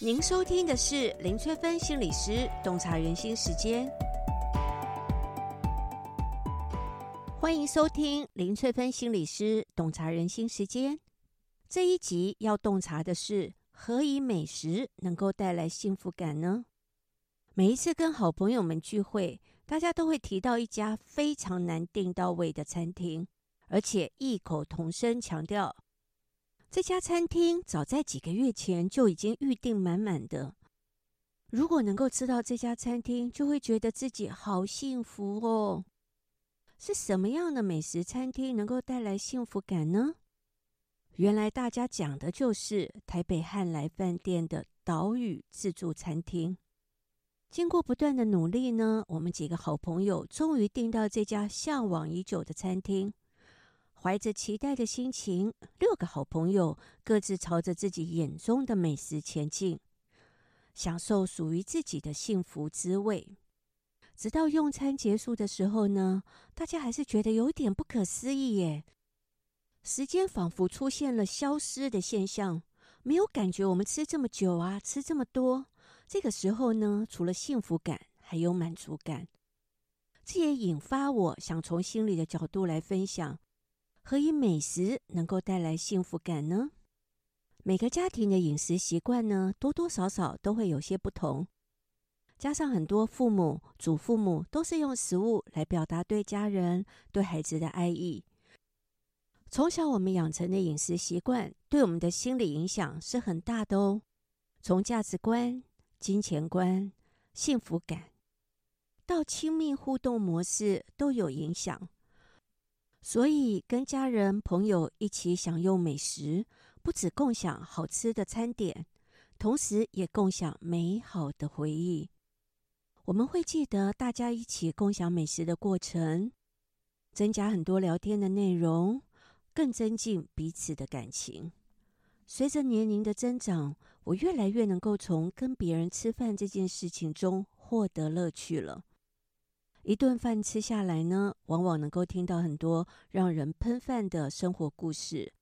您收聽的是林萃芬心理師《洞察人心》時間，歡迎收聽林萃芬心理師《洞察人心》時間。這一集要洞察的是，何以美食能夠帶來幸福感呢？每一次跟好朋友們聚會，大家都會提到一家非常難訂到位的餐廳，而且異口同聲強調。這家餐廳早在幾個月前就已經預定滿滿的。如果能夠吃到這家餐廳，就會覺得自己好幸福哦。是什麼樣的美食餐廳能夠帶來幸福感呢？原來大家講的就是台北漢來飯店的島嶼自助餐廳。經過不斷的努力呢，我們幾個好朋友終於訂到這家嚮往已久的餐廳。懷着期待的心情，六個好朋友各自朝着自己眼中的美食前進，享受屬於自己的幸福滋味。直到用餐結束的時候呢，大家還是覺得有點不可思議耶。時間仿佛出現了消失的現象，沒有感覺我們吃這麼久啊，吃這麼多。這個時候呢，除了幸福感，還有滿足感。這也引發我想從心理的角度來分享。何以美食能夠帶來幸福感呢？每個家庭的飲食習慣呢，多多少少都會有些不同。加上很多父母、祖父母都是用食物來表達對家人、對孩子的愛意。從小我們養成的飲食習慣，對我們的心理影響是很大的哦。從價值觀、金錢觀、幸福感，到親密互動模式都有影響。所以，跟家人朋友一起享用美食，不只共享好吃的餐點，同時也共享美好的回憶。我們會記得大家一起共享美食的過程，增加很多聊天的內容，更增進彼此的感情。隨着年齡的增長，我越來越能夠從跟別人吃飯這件事情中獲得樂趣了。一頓飯吃下來呢，往往能夠聽到很多讓人噴飯的生活故事，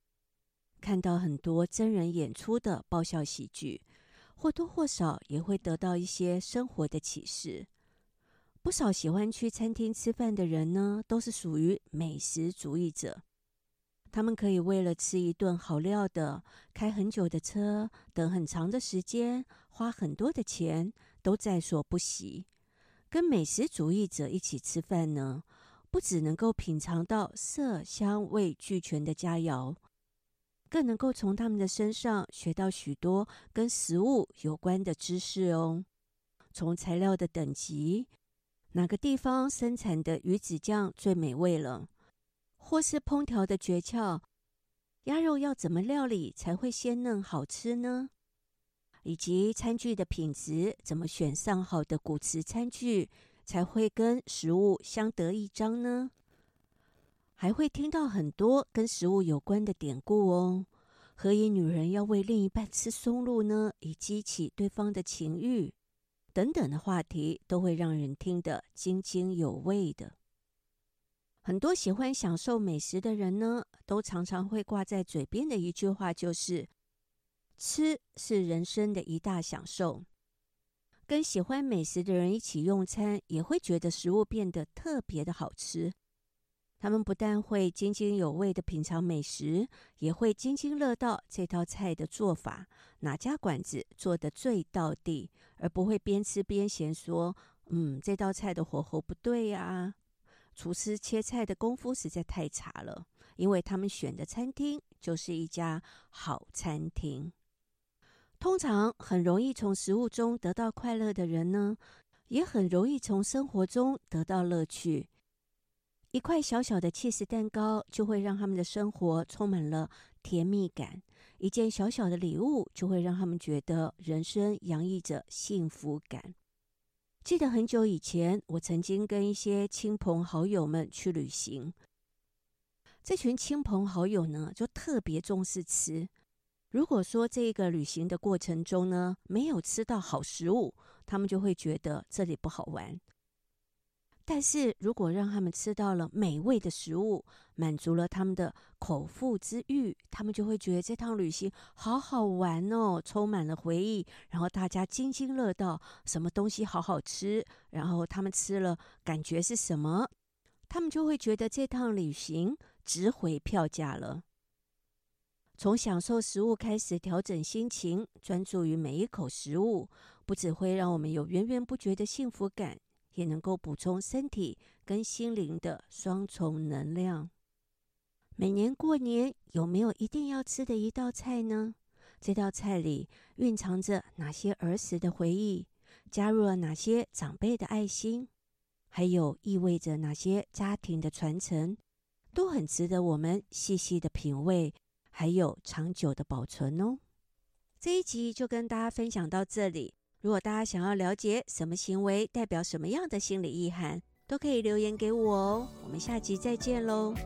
看到很多真人演出的爆笑喜劇，或多或少也會得到一些生活的啟示。不少喜歡去餐廳吃飯的人呢，都是屬於美食主義者，他們可以為了吃一頓好料的，開很久的車，等很長的時間，花很多的錢，都在所不惜。跟美食主義者一起吃飯呢，不只能夠品嘗到色香味俱全的佳餚，更能夠從他們的身上學到許多跟食物有關的知識哦。從材料的等級，哪個地方生產的魚子醬最美味了？或是烹調的訣竅，鴨肉要怎麼料理才會鮮嫩好吃呢？以及餐具的品質，怎麼選上好的古瓷餐具才會跟食物相得益彰呢？還會聽到很多跟食物有關的典故哦，何以女人要為另一半吃松露呢，以激起對方的情欲，等等的話題，都會讓人聽得津津有味的。很多喜歡享受美食的人呢，都常常會掛在嘴邊的一句話就是。吃是人生的一大享受。跟喜歡美食的人一起用餐，也會覺得食物變得特別的好吃。他們不但會津津有味的品嘗美食，也會津津樂道這道菜的做法，哪家館子做的最地道，而不會邊吃邊閒說：“嗯，這道菜的火候不對呀，啊，廚師切菜的功夫實在太差了。”因為他們選的餐廳就是一家好餐廳。通常很容易從食物中得到快樂的人呢，也很容易從生活中得到樂趣。一塊小小的起司蛋糕就會讓他們的生活充滿了甜蜜感；一件小小的禮物就會讓他們覺得人生洋溢着幸福感。記得很久以前，我曾經跟一些親朋好友們去旅行，這群親朋好友呢，就特別重視吃。如果說這個旅行的過程中呢，沒有吃到好食物，他們就會覺得這裡不好玩。但是如果讓他們吃到了美味的食物，滿足了他們的口腹之欲，他們就會覺得這趟旅行好好玩哦，充滿了回憶。然後大家津津樂道什麼東西好好吃，然後他們吃了感覺是什麼，他們就會覺得這趟旅行值回票價了。從享受食物開始，調整心情，專注於每一口食物，不只會讓我們有源源不絕的幸福感，也能夠補充身體跟心靈的雙重能量。每年過年，有沒有一定要吃的一道菜呢？這道菜裡，蘊藏着哪些兒時的回憶，加入了哪些長輩的愛心，還有意味着哪些家庭的傳承，都很值得我們細細的品味。還有長久的保存哦。這一集就跟大家分享到這裡。如果大家想要了解什麼行為代表什麼樣的心理意涵，都可以留言給我哦。我們下集再見嘍。